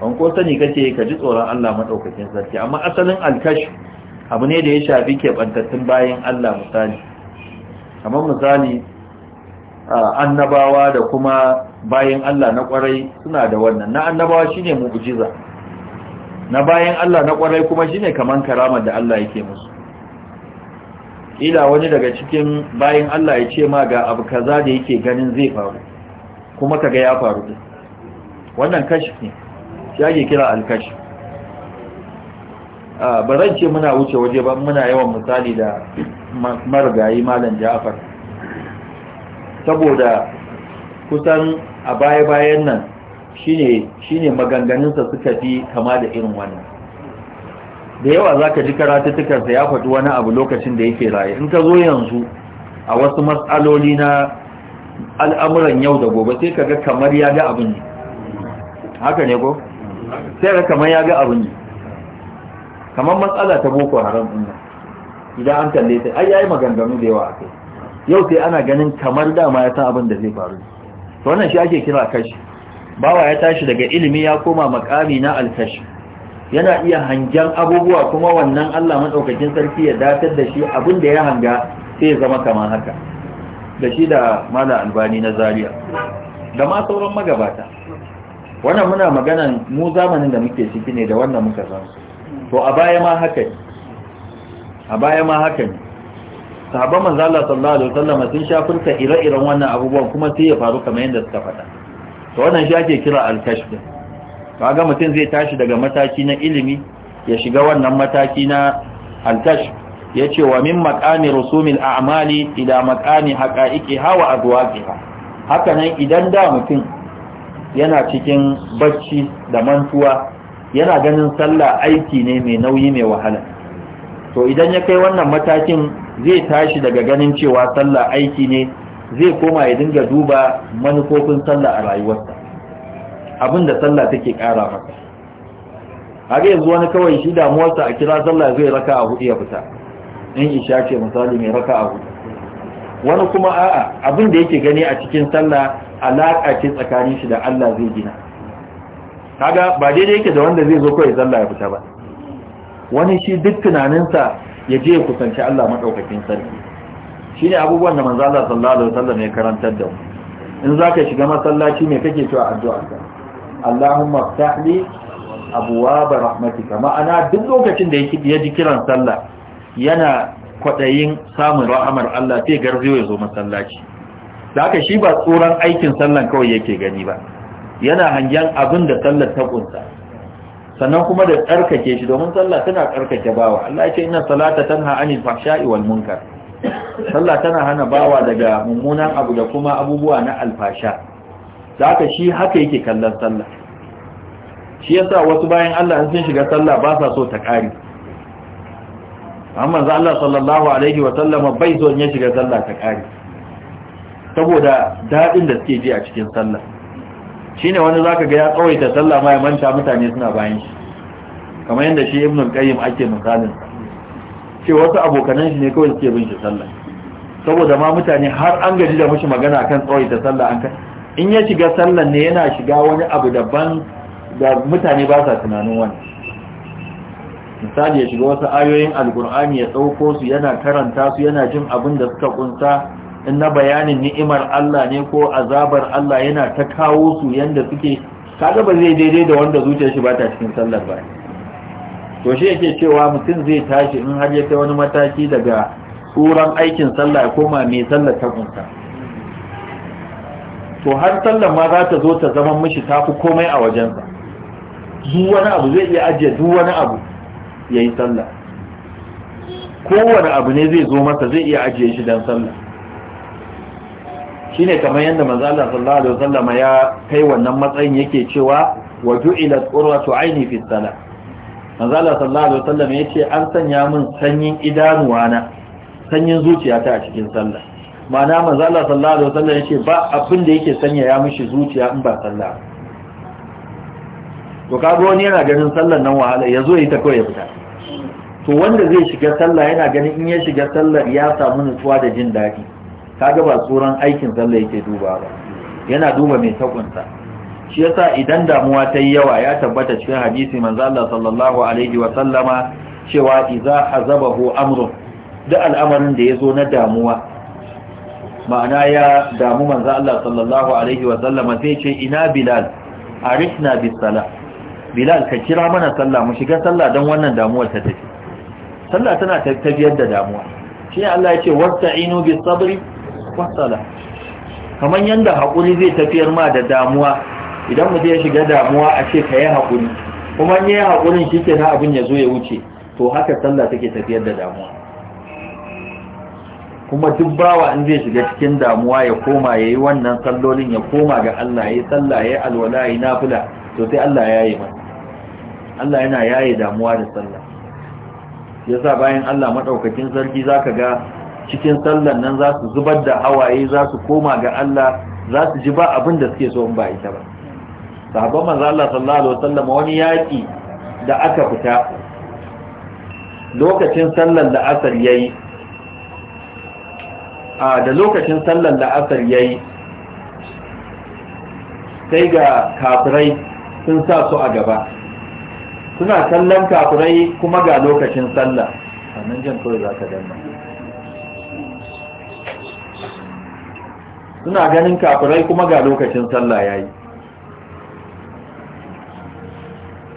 an ko sani kace ka ji tsoron Allah madaukakin sarki amma asalin alkashi abu ne da ya shafi keɓantattun bayan Allah misali kamar misali annabawa da kuma bayan Allah na kwarai suna da wannan na annabawa shine mu'jiza na bayan Allah na kwarai kuma shine kamar karamar da Allah yake musu ila wani daga cikin bayan Allah ya ce ma ga abu kaza da yake ganin zai faru kuma kaga ya faru din wannan kashi ne shi ake kira alkashi. Ah, ba zan ce muna wuce waje ba muna yawan misali da marigayi malam Ja'far saboda kusan a baya-bayan nan shine maganganunsa suka fi kama da irin wannan da yawa za ka ji karatuttukarsa ya faɗi wani abu lokacin da yake raye in ka zo yanzu a wasu matsaloli na al'amuran yau da gobe sai ka ga kamar ya ga abin ne haka ne ko? sai ga kamar ya ga abin ne kamar matsala ta boko haram ɗin idan an kalle sai ai yayi maganganu da yawa akai yau sai ana ganin kamar dama ya san abin da zai faru to wannan shi ake kira kashi bawa ya tashi daga ilimi ya koma makami na alkashi yana iya hangen abubuwa kuma wannan Allah madaukakin sarki ya datar da shi abin da ya hanga sai ya zama kamar haka da shi da mala albani na zaria da ma sauran magabata wannan muna maganan mu zamanin da muke ciki ne da wannan muka san to a baya ma haka ne a baya ma haka ne sahabban manzo Allah sallallahu alaihi wasallam sun furta ire-iren wannan abubuwan kuma sai ya faru kamar yadda suka faɗa to wannan shi ake kira al-kashf kaga mutum zai tashi daga mataki na ilimi ya shiga wannan mataki na al-kashf yace wa min maqami rusumil a'mali ila maqami haqa'iqi hawa adwaqiha haka nan idan da mutum yana cikin bacci da mantuwa yana ganin sallah aiki ne mai nauyi mai wahala to idan ya kai wannan matakin zai tashi daga ganin cewa sallah aiki ne zai koma ya dinga duba manufofin sallah a rayuwarsa abin sallah take ƙara masa har yanzu wani kawai shi damuwarsa a kira sallah zai raka a hudu ya fita in isha ce misali mai raka a hudu wani kuma a'a abin da yake gani a cikin sallah alaƙa ce tsakanin shi da Allah zai gina kaga ba daidai yake da wanda zai zo kawai sallah ya fita ba wani shi duk tunaninsa ya je ya kusanci Allah maɗaukakin sarki shine abubuwan da manzo sallallahu wasallam ya karantar da mu in zaka shiga masallaci me kake cewa addu'a ka Allahumma ftah li abwaab rahmatika ma'ana duk lokacin da ya ji kiran sallah yana kwaɗayin samun rahamar Allah sai garzo ya zo masallaci da haka shi ba tsoron aikin sallan kawai yake gani ba yana hangen abin da sallar ta kunsa sannan kuma da tsarkake shi domin sallah tana tsarkake bawa Allah ya ce ina salata tana anil fahsha'i wal munkar sallah tana hana bawa daga mummunan abu da kuma abubuwa na alfasha da ka shi haka yake kallon sallah shi yasa wasu bayan Allah in sun shiga sallah ba sa so ta ƙari amma za Allah sallallahu alaihi wa sallama bai so ya shiga sallah ta ƙari saboda daɗin da suke ji a cikin sallah Shi ne wani zaka ga ya tsawaita sallah ma ya manta mutane suna bayan shi kamar yadda shi ibnul qayyim ake misalin ce wasu abokanan shi ne kawai suke bin shi sallah saboda ma mutane har an gaji da mushi magana akan tsawaita sallah an kai in ya shiga sallah ne yana shiga wani abu daban da mutane ba sa tunanin wani misali ya shiga wasu ayoyin alkur'ani ya tsauko su yana karanta su yana jin abin da suka kunsa in na bayanin ni'imar Allah ne ko azabar Allah yana ta kawo su yanda suke kaga ba zai daidai da wanda zuciyar shi ba ta cikin sallar ba ne. to shi yake cewa mutum zai tashi in har ya kai wani mataki daga tsoron aikin sallah ya koma mai sallar ta kunta to har sallar ma za ta zo ta zama mishi tafi komai a wajensa duk wani abu zai iya ajiye duk wani abu ya yi sallah kowane abu ne zai zo masa zai iya ajiye shi don sallah ne kamar yadda mazala Allah sallallahu alaihi ya kai wannan matsayin yake cewa wa ju'ilat qurratu aini fi salah manzala sallallahu alaihi wasallam ya ce an sanya min sanyin idanuwa na sanyin zuciyata a cikin sallah ma'ana manzala sallallahu alaihi wasallam ya ce ba abin da yake sanya ya mishi zuciya in ba sallah to kaga wani yana ganin sallar nan wahala yazo yi ta kawai ya fita to wanda zai shiga sallah yana ganin in ya shiga sallar ya samu nutsuwa da jin daɗi kaga ba tsoron aikin sallah yake duba ba yana duba mai takunsa shi yasa idan damuwa ta yi yawa ya tabbata cikin hadisi manzo Allah sallallahu alaihi wa sallama cewa idza hazabahu amru da al'amarin da yazo na damuwa ma'ana ya damu manzo Allah sallallahu alaihi wa sallama sai ce ina bilal arifna bis sala bilal ka kira mana sallah mu shiga sallah dan wannan damuwar ta tafi sallah tana tafiyar da damuwa shi Allah ya ce wasta'inu bis sabri was sala kaman yanda hakuri zai tafiyar ma da damuwa idan mutum ya shiga damuwa a ce ka yi haƙuri kuma in ya yi haƙurin shi ke na abin ya zo ya wuce to haka sallah take tafiyar da damuwa kuma duk bawa in zai shiga cikin damuwa ya koma ya yi wannan sallolin ya koma ga Allah ya yi sallah ya yi alwala ya nafila to sai Allah ya yi masa Allah yana yaye damuwa da sallah yasa bayan Allah madaukakin sarki zaka ga cikin sallan nan za su zubar da hawaye za su koma ga Allah za su ji ba abin da suke so in ba ita ba sahabban manzo Allah sallallahu alaihi wasallam wani yaki da aka fita lokacin sallar da asar yayi a da lokacin sallar da asar yayi sai ga kafirai sun sa su a gaba suna kallon kafirai kuma ga lokacin sallah sannan jan kawai za ka danna suna ganin kafirai kuma ga lokacin sallah yayi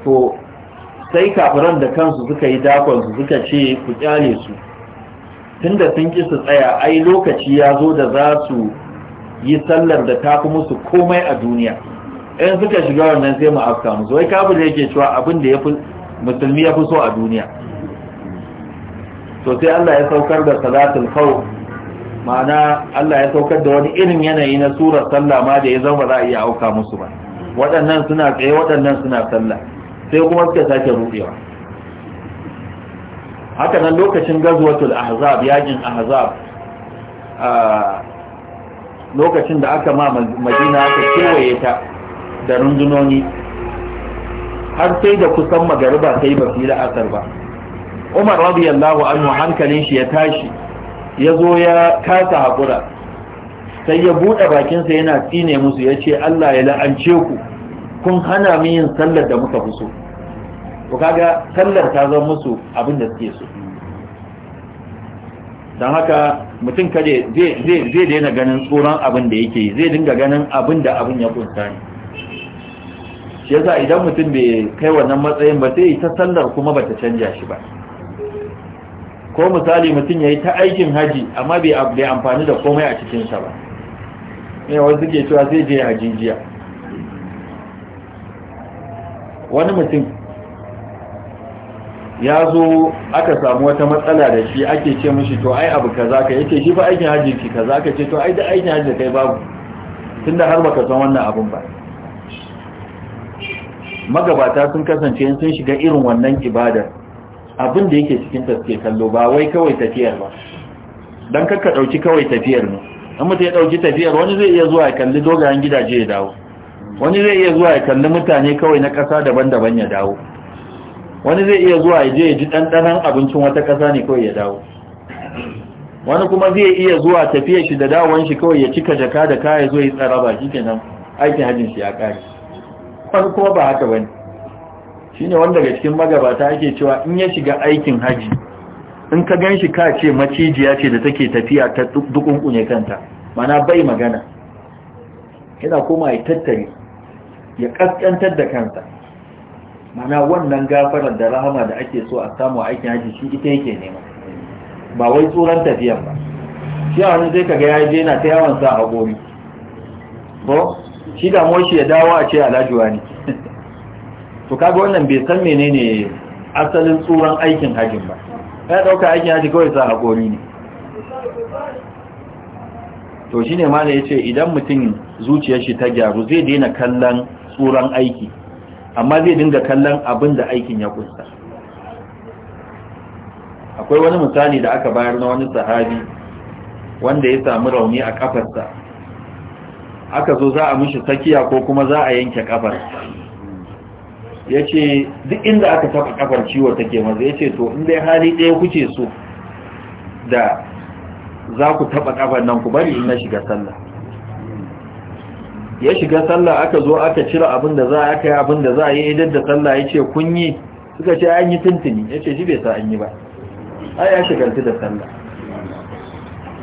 to sai kafiran da kansu suka yi dakonsu suka ce ku kyale su tunda sun ki su tsaya ai lokaci ya zo da za su yi sallar da ta fi musu komai a duniya in suka shiga wannan sai mu afka musu wai kafin da yake cewa abin da musulmi ya fi so a duniya to sai Allah ya saukar da salatul kau, ma'ana Allah ya saukar da wani irin yanayi na surar sallah ma da ya zama za a iya auka musu ba waɗannan suna tsaye waɗannan suna sallah sai kuma suka sake rubewa haka nan lokacin gazwatul ahzab yakin ahzab lokacin da aka ma madina aka kewaye ta da rundunoni har sai da kusan magariba sai ba fili asar ba umar radiyallahu anhu hankalin shi ya tashi ya zo ya kasa haƙura sai ya buɗe bakinsa yana tsine musu ya ce allah ya la'ance ku kun hana min yin sallar da muka fi so to kaga sallar ta zama musu abin da suke so don haka mutum kaje zai daina ganin tsoron abin da yake zai dinga ganin abin da abin ya kunta ne shi yasa idan mutum bai kai wannan matsayin ba sai ta sallar kuma ba ta canja shi ba ko misali mutum ya yi ta aikin haji amma bai amfani da komai a cikinsa ba ne wani ke cewa sai je hajin wani mutum ya zo aka samu wata matsala da shi ake ce mishi to ai abu kaza ka yake shi ba aikin hajji ki kaza ka ce to ai da aikin hajji kai babu tunda har baka san wannan abun ba magabata sun kasance sun shiga irin wannan ibada abin da yake cikin ta suke kallo ba wai kawai tafiyar ba dan kakka dauki kawai tafiyar ne in mutum ya dauki tafiyar wani zai iya zuwa ya kalli dogayen gidaje ya dawo wani zai iya zuwa ya kalli mutane kawai na kasa daban-daban ya dawo wani zai iya zuwa je ya ji ɗanɗanon abincin wata ƙasa ne kawai ya dawo wani kuma zai iya zuwa tafiya shi da dawon shi kawai ya cika jaka da kaya zo ya tsara ba shi kenan aikin hajjin shi ya ƙare. wani kuma ba haka Shi ne wanda daga cikin magabata ake cewa in ya shiga aikin hajji in ka gan shi ka ce macijiya ce da take tafiya ta dukunkune kanta mana bai magana yana koma ya tattare ya kaskantar da kansa mana wannan gafarar da rahama da ake so a samu a aikin haji shi ita yake nema ba wai tsoron tafiyan ba shi a wani zai kaga ya je na ta yawan sa a gobe ko shi damuwar shi ya dawo a ce alajuwa ne to kaga wannan bai san menene asalin tsoron aikin hajin ba ya dauka aikin haji kawai sa a gobe ne to shine ma ya ce idan mutum zuciyar shi ta gyaru zai daina kallon tsoron aiki amma zai dinga kallon abin da aikin ya kusa akwai wani misali da aka bayar na wani sahabi wanda ya samu rauni a kafarsa aka zo za a mishi tsakiya ko kuma za a yanke kafar ya ce duk inda aka taba kafar ciwo take maza ya ce to inda hali ɗaya kuke so da za ku taba kafar nan ku bari in na shiga sallah ya shiga sallah aka zo aka cire abin da za a kai abin da za a yi idan da sallah ya ce kun yi suka ce an yi tuntuni ya ce shi bai sa an yi ba ai ya shigaltu da sallah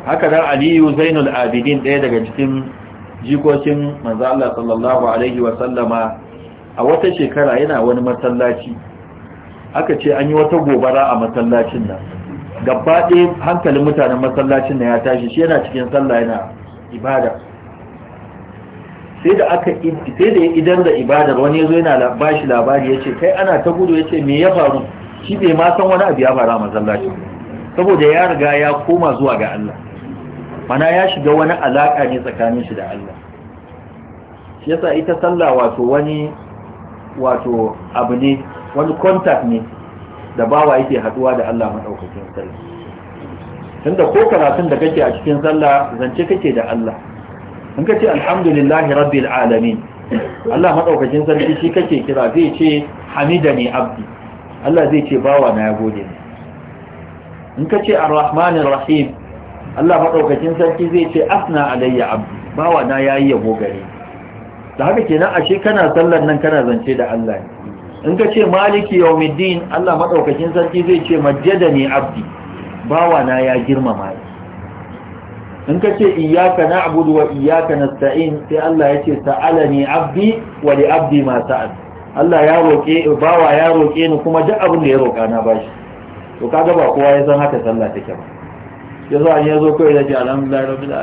haka dan aliyu zainul abidin ɗaya daga cikin jikokin manzo Allah sallallahu alaihi wa sallama a wata shekara yana wani masallaci aka ce an yi wata gobara a masallacin nan gaba ɗaya hankalin mutanen masallacin nan ya tashi shi yana cikin sallah yana ibada sai da aka sai da idan da ibadar wani yazo yana bashi labari yace kai ana ta gudu yace me ya faru shi bai ma san wani abu ya faru a masallaci saboda ya riga ya koma zuwa ga Allah mana ya shiga wani alaka ne tsakanin shi da Allah shi yasa ita sallah wato wani wato abu ne wani contact ne da bawa yake haduwa da Allah madaukakin sallah tunda ko karatun da kake a cikin sallah zance kake da Allah in ka ce alhamdulillahi rabbil alamin Allah madaukakin sarki shi kake kira zai ce Hamida ne abdi Allah zai ce bawa na ya gode ne in ka ce arrahmanir rahim Allah madaukakin sarki zai ce asna alayya abdi bawa na yayi yabo gare da haka kenan ashe kana sallar nan kana zance da Allah in ka ce maliki yawmiddin Allah madaukakin sarki zai ce majjada ne abdi bawa na ya girmama in ka ce iyaka na abudu wa iyaka na sa'in sai Allah ya ce sa'ala ne abdi wa li abdi ma sa'ad Allah ya roƙe bawa ya roƙe ni kuma duk abin da ya roƙa na bashi to ga ba kowa ya san haka sallah take ba ya zo an ya zo kawai da ce alhamdulillah rabbil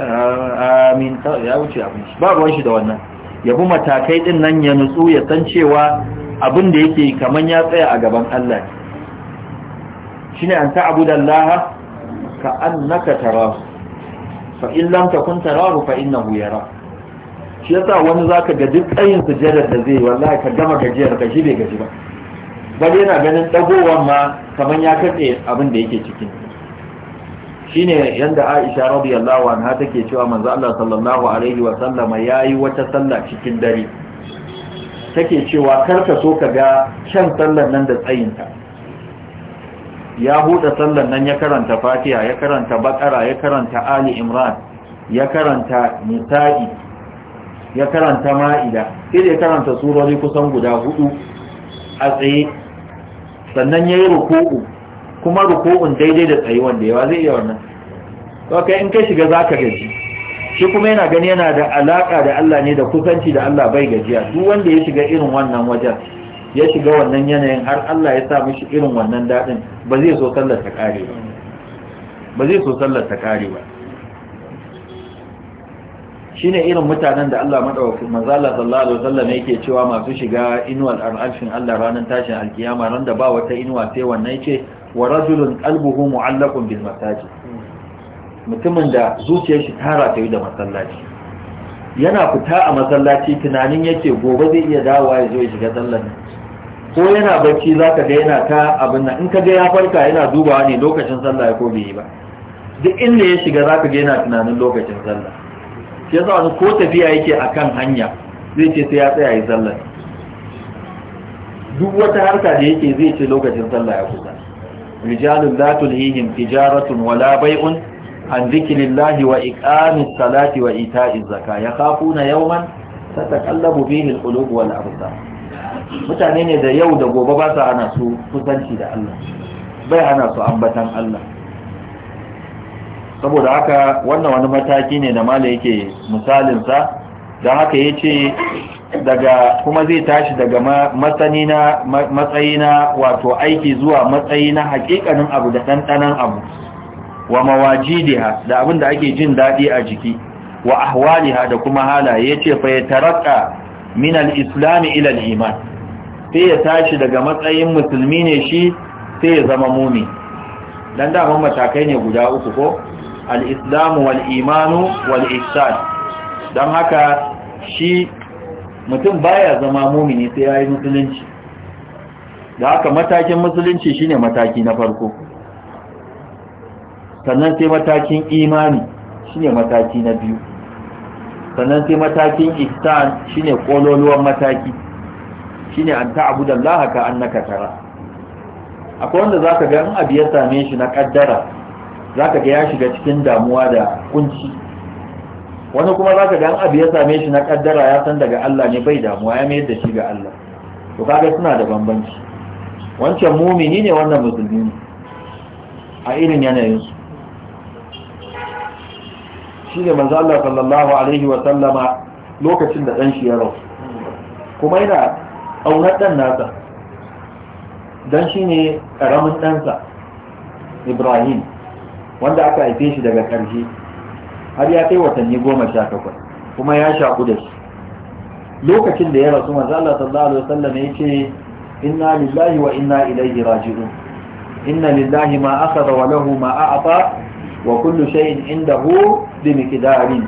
amin ya wuce abin shi ba ruwan shi da wannan ya bi matakai din nan ya nutsu ya san cewa abin da yake kaman ya tsaya a gaban Allah shine an ta'budallaha ka annaka tarahu fa in lam takun tarahu fa innahu shi yasa wani zaka ga duk tsayin sujjadar da zai wallahi ka gama gajiyar ka shi bai gaji ba bari yana ganin dagowar ma kamar ya katse abin da yake ciki shine yanda Aisha radiyallahu anha take cewa manzo Allah sallallahu alaihi wa sallama yayi wata sallah cikin dare take cewa kar ka so ka ga shan sallar nan da tsayinta ya huda sallan nan ya karanta fatiha ya karanta bakara ya karanta ali imran ya karanta nisa'i ya karanta ma'ida sai da ya karanta surori kusan guda hudu a tsaye sannan ya yi ruku'u kuma ruku'un daidai da tsaye wanda yawa zai iya wannan ok in ka shiga za ka gaji shi kuma yana gani yana da alaƙa da Allah ne da kusanci da Allah bai gajiya duk wanda ya shiga irin wannan wajen ya shiga wannan yanayin har Allah ya sa mishi irin wannan daɗin ba zai so sallar ta ƙare ba ba zai so sallar ta ƙare ba shine irin mutanen da Allah madawafi manzala sallallahu alaihi wasallam yake cewa masu shiga inuwal al'arshin Allah ranar tashin alkiyama ran da ba wata inuwa sai wannan yake wa rajulun qalbuhu mu'allaqun bil masajid mutumin da zuciyar shi tara ta yi da masallaci yana fita a masallaci tunanin yake gobe zai iya dawowa ya zo ya shiga sallar ko yana bacci za ka ga yana ta abin nan in ka ga ya farka yana duba ne lokacin sallah ko bai yi ba duk inda ya shiga za ka ga yana tunanin lokacin sallah shi yasa wani ko tafiya yake akan hanya zai ce sai ya tsaya yi sallah duk wata harka da yake zai ce lokacin sallah ya kusa rijalun la tulhihim tijaratun wala bai'un an zikrillahi wa iqamis salati wa ita'iz zakah yakhafuna yawman tatakallabu bihi al-qulub wal absar mutane ne da yau da gobe ba su ana su kusanci da Allah bai ana su ambatan Allah saboda haka wannan wani mataki ne da mala yake misalinsa don haka ya ce daga kuma zai tashi daga matsayi na matsayi na wato aiki zuwa matsayi na hakikanin abu da ɗanɗanan abu wa mawajidiha da abin da ake jin daɗi a jiki wa ahwaliha da kuma halaye ya ce fa ya taraka min al-islami ila iman sai ya tashi daga matsayin musulmi ne shi sai ya zama mumi dan daman matakai ne guda uku ko al-islamu wal imanu wal ihsan dan haka shi mutum baya zama mumini sai yayi musulunci da haka matakin musulunci shine mataki na farko sannan sai matakin imani shine mataki na biyu sannan sai matakin ihsan shine kololuwan mataki shine an ta'budu Allah ka annaka tara akwai wanda zaka ga in abu same shi na kaddara zaka ga ya shiga cikin damuwa da kunci wani kuma zaka ga in abu ya same shi na kaddara ya san daga Allah ne bai damuwa ya mayar da shi ga Allah to kaga suna da bambanci wancan mumini ne wannan musulmi ne a irin yanayinsu shi ne manzo Allah sallallahu alaihi wa sallama lokacin da dan shi ya rasu kuma yana aunar ɗan nasa don shi ne ƙaramin ɗansa ibrahim wanda aka haife shi daga ƙarshe har ya kai watanni goma sha takwas kuma ya sha da shi lokacin da ya rasu mazala sallallahu alaihi wasallam ya ce inna lillahi wa inna ilaihi raji'un inna lillahi ma akhadha wa lahu ma a'ta wa kullu shay'in indahu bi miqdarin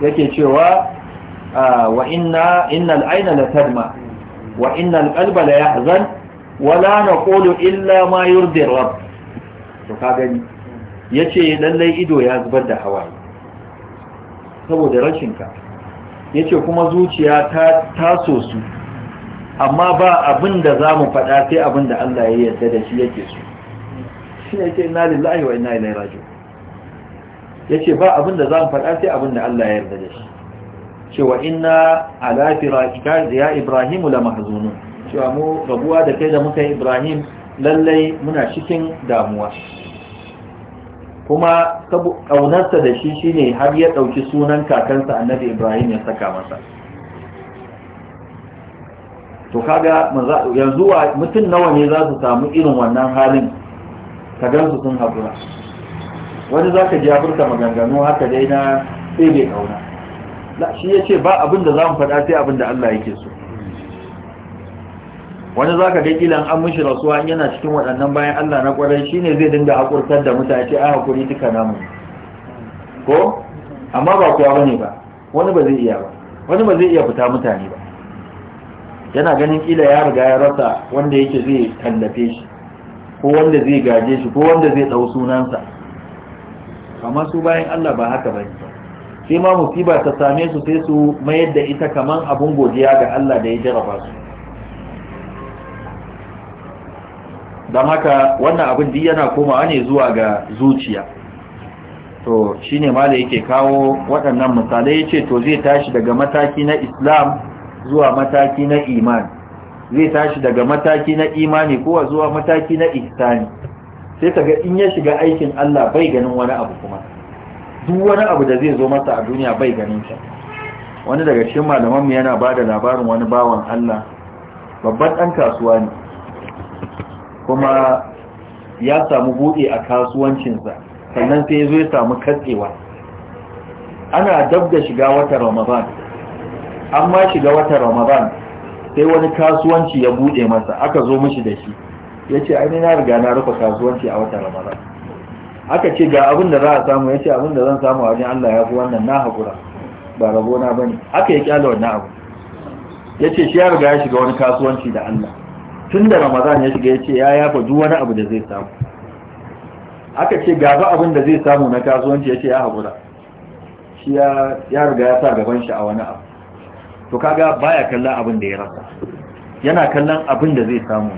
yake cewa ah, wa inna innal ayna la tadma wa innal qalba la yahzan wa la naqulu illa ma yurdi rabb to ka gani yace lallai ido ya zubar da hawaye saboda rashin ka yace kuma zuciya ta taso su amma ba abin da za mu faɗa sai abin da Allah ya yarda da shi yake so shi ne yake inna lillahi wa inna ilaihi raji'un yace ba abin da za mu faɗa sai abin da Allah ya yarda da shi cewa inna ala firaqika ya ibrahimu la mahzunun cewa mu rabuwa da kai da muka ibrahim lallai muna cikin damuwa kuma kaunarsa da shi shine har ya dauki sunan kakansa annabi ibrahim ya saka masa to kaga yanzu wa mutum nawa ne za su samu irin wannan halin ka gansu sun haƙura wani za ka ji maganganu haka dai na sai bai kauna shi ya ce ba abin da za mu faɗa sai abin da Allah yake so wani za ka ga kilan an mushi rasuwa yana cikin waɗannan bayan Allah na ƙwarai shi ne zai dinga haƙurtar da mutane ce a haƙuri duka namu ko amma ba kuwa bane ba wani ba zai iya ba wani ba zai iya fita mutane ba yana ganin kila ya riga ya rasa wanda yake zai tallafe shi ko wanda zai gaje shi ko wanda zai ɗau sunansa amma su bayan Allah ba haka ba ne. sai ma musiba ta same su sai su mayar da ita kaman abun godiya ga Allah da ya jaraba su don haka wannan abin duk yana komawa ne zuwa ga zuciya to shine ma da yake kawo waɗannan misalai yace to zai tashi daga mataki na Islam zuwa mataki na imani zai tashi daga mataki na imani ko zuwa mataki na ihsani sai kaga in ya shiga aikin Allah bai ganin wani abu kuma duk wani abu da zai zo masa a duniya bai ganin ta wani daga cikin malamanmu yana ba da labarin wani bawan Allah babban ɗan kasuwa ne kuma ya samu buɗe a kasuwancinsa sannan sai ya ya samu katsewa ana dab da shiga wata ramadan an shiga wata ramadan sai wani kasuwanci ya buɗe masa aka zo mishi da shi ya ce ainihin na riga na rufe kasuwanci a wata ramadan aka ce ga abin da za a samu ya ce abin da zan samu wajen Allah ya fi wannan na haƙura ba rabona ba ne aka ya kyala wannan abu ya ce shi ya riga ya shiga wani kasuwanci da Allah tun da ramadan ya shiga ya ce ya yafa duk wani abu da zai samu aka ce gaba abin da zai samu na kasuwanci ya ce ya haƙura shi ya riga ya sa gaban shi a wani abu to kaga baya kallon abin da ya rasa yana kallon abin da zai samu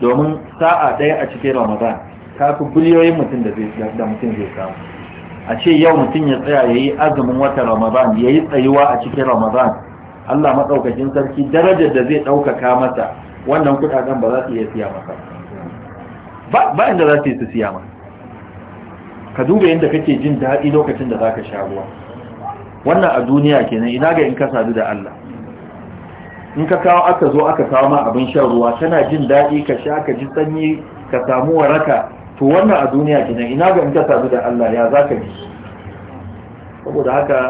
domin sa'a ɗaya a cikin ramadan kafi biliyoyin mutum da mutum zai samu a ce yau mutum ya tsaya ya yi azumin wata ramadan ya yi tsayuwa a cikin ramadan allah maɗaukakin sarki darajar da zai ɗaukaka masa wannan kuɗaɗen ba za su iya siya masa ba inda za su yi su siya ma ka duba yadda kake jin daɗi lokacin da za ka sha ruwa wannan a duniya kenan ina ga in ka sadu da allah in ka kawo aka zo aka kawo ma abin shan ruwa kana jin daɗi ka sha ka ji sanyi ka samu waraka to wannan a duniya kenan ina ga in ka sadu da Allah ya zaka bi saboda haka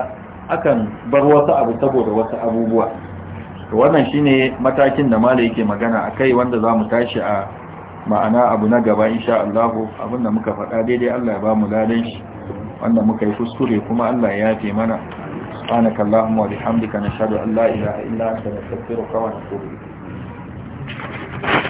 akan bar wasu abu saboda wasu abubuwa to wannan shine matakin da mala yake magana akai wanda zamu tashi a ma'ana abu na gaba insha Allah da muka faɗa daidai Allah ya ba mu ladan shi wanda muka yi kuskure kuma Allah ya yafe mana subhanaka allahumma wa bihamdika nashhadu an la ilaha illa anta nastaghfiruka wa